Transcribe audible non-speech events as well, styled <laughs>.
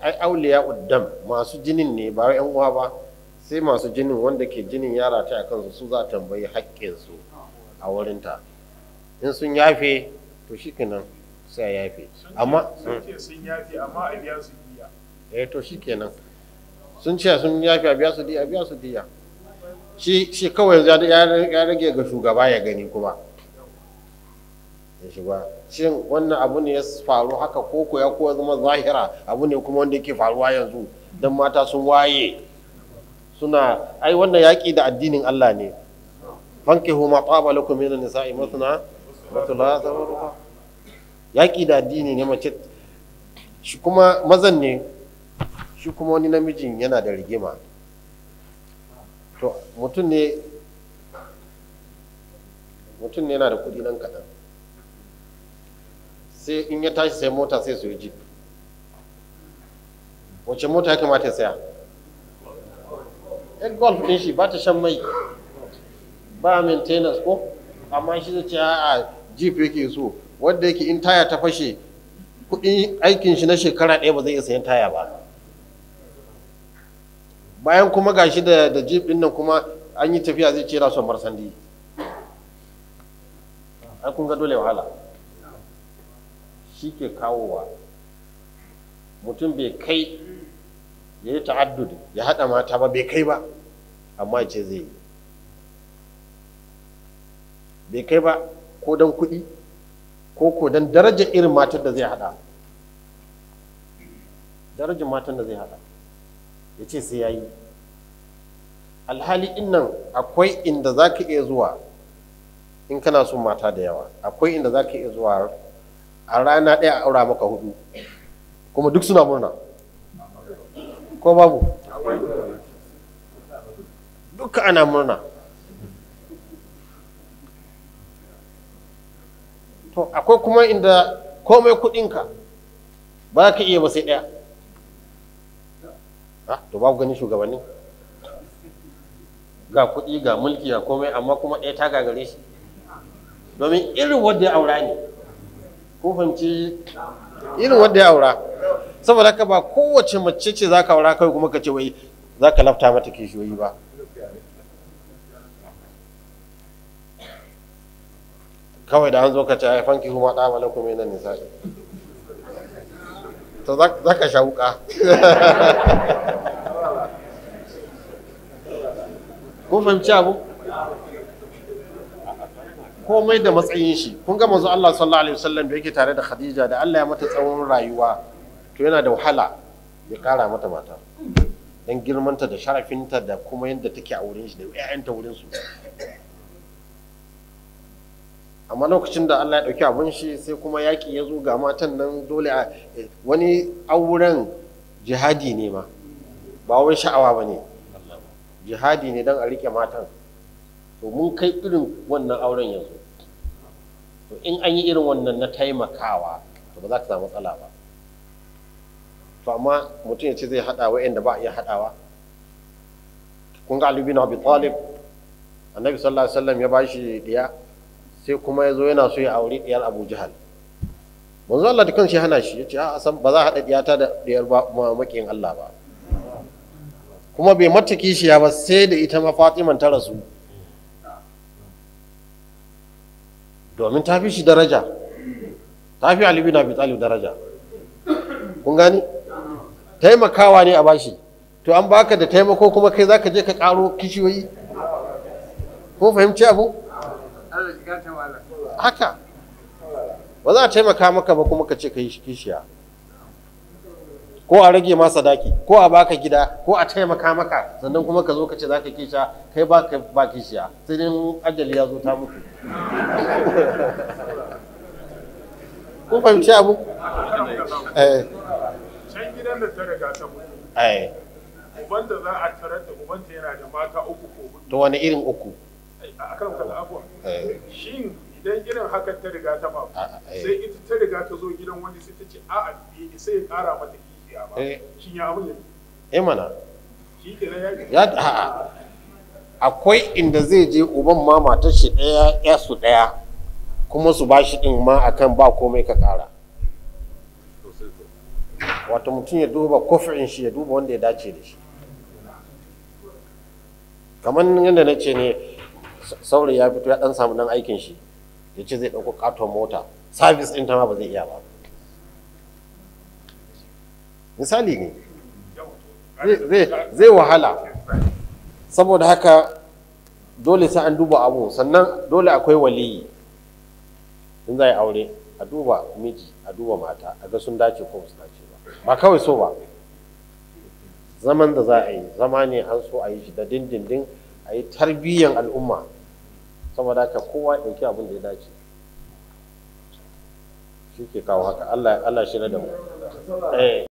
ai auliya uddam masu jinin ne ba yan uwa ba sai masu jinin wanda ke jinin yara ta a kansu su za a tambayi haƙƙin su a wurin ta in sun yafe to shikenan sai ya yafe amma sun ce sun yafe amma a biya su diya eh to shikenan sun ce sun yafe a biya su diya a biya su diya shi kawai ya rage ga shugaba ya gani kuma ya shiga shin wannan abu ne ya faru haka ko ko ya kuwa zama zahira abu ne kuma wanda yake faruwa yanzu don mata sun waye suna ai wannan yaƙi da addinin Allah ne fanke ma taba lakum min nisa'i mathna wa thulatha wa ruba yaƙi da addini ne mace shi kuma mazan ne shi kuma wani namijin yana da rigima to mutum ne mutum ne yana da kudi nan kaɗan sai in ya tashi sai mota sai su yi jeep wace mota ya kamata ya saya yan golf din shi ba ta shan mai ba maintenance ko amma shi zai ce a jeep yake so wanda yake in taya ta fashe kudin aikin shi na shekara ɗaya ba zai iya sayan taya ba bayan kuma gashi da da jeep din nan kuma an yi tafiya zai ce rasuwa son marsandi ai kun ga dole wahala shi ke kawowa mutum bai kai ya yi ta'addud ya haɗa mata ba bai kai ba amma ce zai yi bai kai ba ko don kuɗi ko ko don darajar irin matar da zai haɗa darajar matan da zai haɗa ya ce sai ya yi alhali innan akwai inda za ka iya zuwa in kana son mata da yawa akwai inda za ka iya zuwa a rana ɗaya a aura maka hudu kuma duk suna murna ko babu duka ana murna to akwai kuma inda komai kudinka ba ka iya ba sai ɗaya ah, to babu ganin shugabanni ga kuɗi ga mulki ga komai amma kuma ɗaya ta gagare shi domin irin wadda ya aura ne ko irin wanda ya aura saboda haka ba kowace mace ce za ka aura kai kuma ka ce wai za ka lafta mata kishiyoyi ba kawai da an zo ka ce a haifanki kuma ba mala kuma yana nisa to za ka sha wuka <laughs> ko fahimci abu komai da matsayin shi kun ga manzo Allah sallallahu alaihi wasallam da yake tare da Khadija da Allah ya mata tsawon rayuwa to yana da wahala ya kara mata mata dan girmanta da sharafinta da kuma yadda take a wurin shi da ƴaƴanta wurin su amma lokacin da Allah ya ɗauki abun shi sai kuma yaki ya zo ga matan nan dole a wani auren jihadi ne ma ba wai sha'awa bane jihadi ne dan a rike matan to mun kai irin wannan auren yanzu to in an yi irin wannan na taimakawa to ba za ka samu matsala ba to amma mutum ya ce zai haɗa inda ba a iya haɗawa kun ga alibi bin Talib annabi sallallahu alaihi wasallam ya bashi diya sai kuma ya zo yana so ya aure diyar Abu Jahal manzo Allah da kanshi hana shi ce a ba za a haɗa diyata da diyar ba makiyin Allah ba kuma bai mata kishiya ba sai da ita ma Fatiman ta rasu domin ta fi shi daraja ta fi Ali bin Abi Talib daraja kun gani taimakawa ne a bashi to an baka da taimako kuma kai zaka je ka karo kishiyoyi ko fahimci abu haka ba za a taimaka maka ba kuma ka ce ka yi kishiya ko a rage ma sadaki ko a baka gida ko a taimaka maka sannan kuma ka zo ka ce za ka kisha kai ba ka ba kishiya sai dai ajali ya zo ta mutu <laughs> ko fahimci abu eh can gidan da ta riga ta mutu eh uban da za a tarar da uban ta yana da mata uku ko hudu to wani irin uku a kan kala abuwa eh. shin idan irin hakan ta riga ta ba eh. sai ita ta riga ta zo gidan wani sai ta ce a'a sai ya kara mata eh, eh akwai inda zai je uban ma matar shi ɗaya ya su ɗaya kuma su ba shi ɗin ma akan ba komai ka kara wato mutum ya duba kofin shi ya duba wanda ya dace da shi kamar yadda na ce ne sauri ya fito ya ɗan samu dan aikin shi ya ce zai ɗauko ƙaton mota sabis ɗin ta ma ba zai iya ba misali ne zai wahala saboda haka dole sai an duba abu sannan dole akwai waliyi in za a yi aure a duba miji a duba mata a ga sun dace ko su dace ba ba kawai so ba zaman da za a yi zama ne an so a yi shi da dindindin a yi tarbiyyar al'umma saboda haka kowa ɗauki abin da ya dace shi ke kawo haka allah shirya da mu eh.